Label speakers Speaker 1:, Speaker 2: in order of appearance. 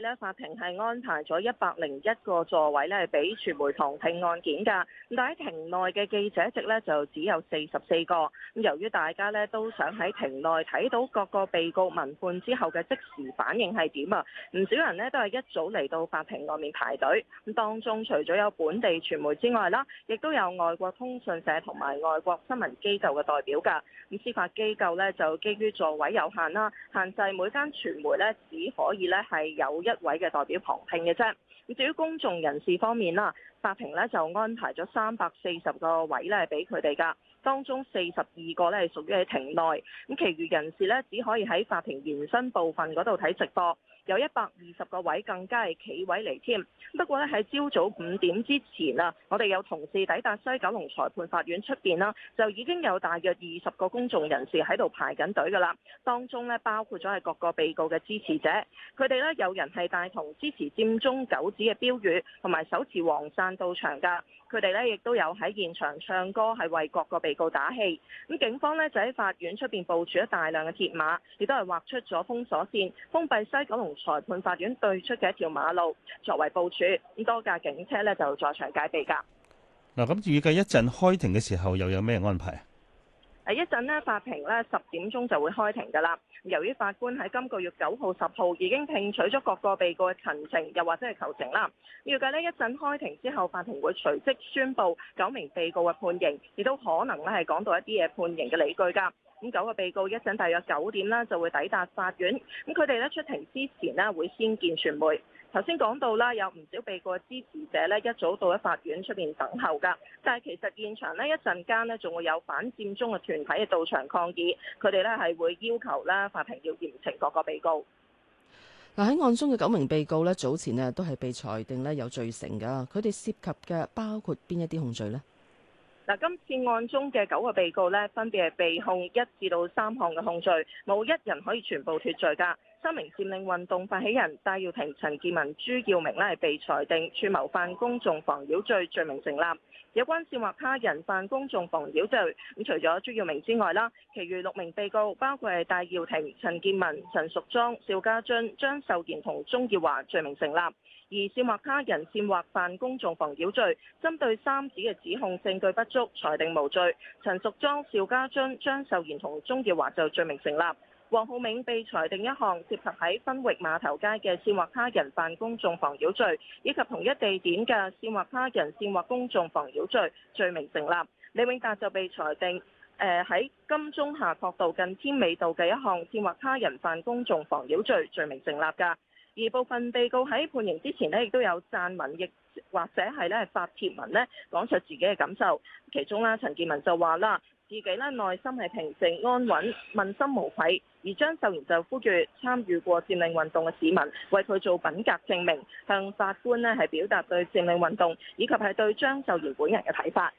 Speaker 1: 咧法庭係安排咗一百零一個座位咧，俾傳媒旁聽案件㗎。咁但係喺庭內嘅記者席呢，就只有四十四個。咁由於大家呢都想喺庭內睇到各個被告聞判之後嘅即時反應係點啊，唔少人呢都係一早嚟到法庭外面排隊。咁當中除咗有本地傳媒之外啦，亦都有外國通訊社同埋外國新聞機構嘅代表㗎。咁司法機構呢，就基於座位有限啦，限制每間傳媒呢只可以呢係有一位嘅代表旁聽嘅啫。咁至於公眾人士方面啦，法庭咧就安排咗三百四十個位咧，係俾佢哋噶。當中四十二個咧係屬於喺庭內，咁其餘人士咧只可以喺法庭延伸部分嗰度睇直播，有一百二十個位更加係企位嚟添。不過咧喺朝早五點之前啊，我哋有同事抵達西九龍裁判法院出邊啦，就已經有大約二十個公眾人士喺度排緊隊㗎啦。當中咧包括咗係各個被告嘅支持者，佢哋咧有人係帶同支持佔中九子嘅標語，同埋手持黃傘到場㗎。佢哋咧亦都有喺現場唱歌，係為各個被告部打氣，咁警方呢就喺法院出邊部署咗大量嘅鐵馬，亦都係劃出咗封鎖線，封閉西九龍裁判法院對出嘅一條馬路作為部署。咁多架警車呢就在場戒備噶。嗱，咁預計一陣開庭嘅時候又有咩安排？一陣呢法庭呢十點鐘就會開庭噶啦。由於法官喺今個月九號、十號已經聽取咗各個被告嘅陳情，又或者係求情啦。預計呢一陣開庭之後，法庭會隨即宣布九名被告嘅判刑，亦都可能咧係講到一啲嘢判刑嘅理據噶。咁九個被告一陣大約九點咧就會抵達法院。咁佢哋咧出庭之前呢會先見傳媒。頭先講到啦，有唔少被告嘅支持者咧，一早到喺法院出邊等候噶。但係其實現場呢，一陣間咧，仲會有反佔中嘅團體嘅到場抗議，佢哋呢係會要求咧，法庭要嚴懲各個被告。嗱，喺案中嘅九名被告呢，早前咧都係被裁定咧有罪成噶，佢哋涉及嘅包括邊一啲控罪呢？嗱，今次案中嘅九個被告分別係被控一至到三項嘅控罪，冇一人可以全部脫罪噶。三名佔領運動發起人戴耀廷、陳健民、朱耀明係被裁定串謀犯公眾妨擾罪罪名成立。有關煽惑他人犯公眾妨擾罪，咁除咗朱耀明之外啦，其餘六名被告，包括係戴耀廷、陳健民、陳淑莊、邵家臻、張秀賢同鍾耀華，罪名成立。而煽惑他人煽惑犯公眾妨擾罪，針對三子嘅指控，證據不足。裁定無罪。陳淑莊、邵家臻、張秀賢同鍾耀華就罪名成立。黃浩銘被裁定一項涉及喺分域碼頭街嘅煽惑他人犯公眾妨擾罪，以及同一地點嘅煽惑他人線、煽惑公眾妨擾罪罪名成立。李永達就被裁定，誒、呃、喺金鐘夏慤道近添美道嘅一項煽惑他人犯公眾妨擾罪罪名成立噶。而部分被告喺判刑之前呢亦都有撰文，亦或者係咧發帖文咧，講述自己嘅感受。其中啦，陳健民就話啦，自己咧內心係平靜安穩問心無愧。而張秀賢就呼籲參與過佔領運動嘅市民，為佢做品格證明，向法官咧係表達對佔領運動以及係對張秀賢本人嘅睇法。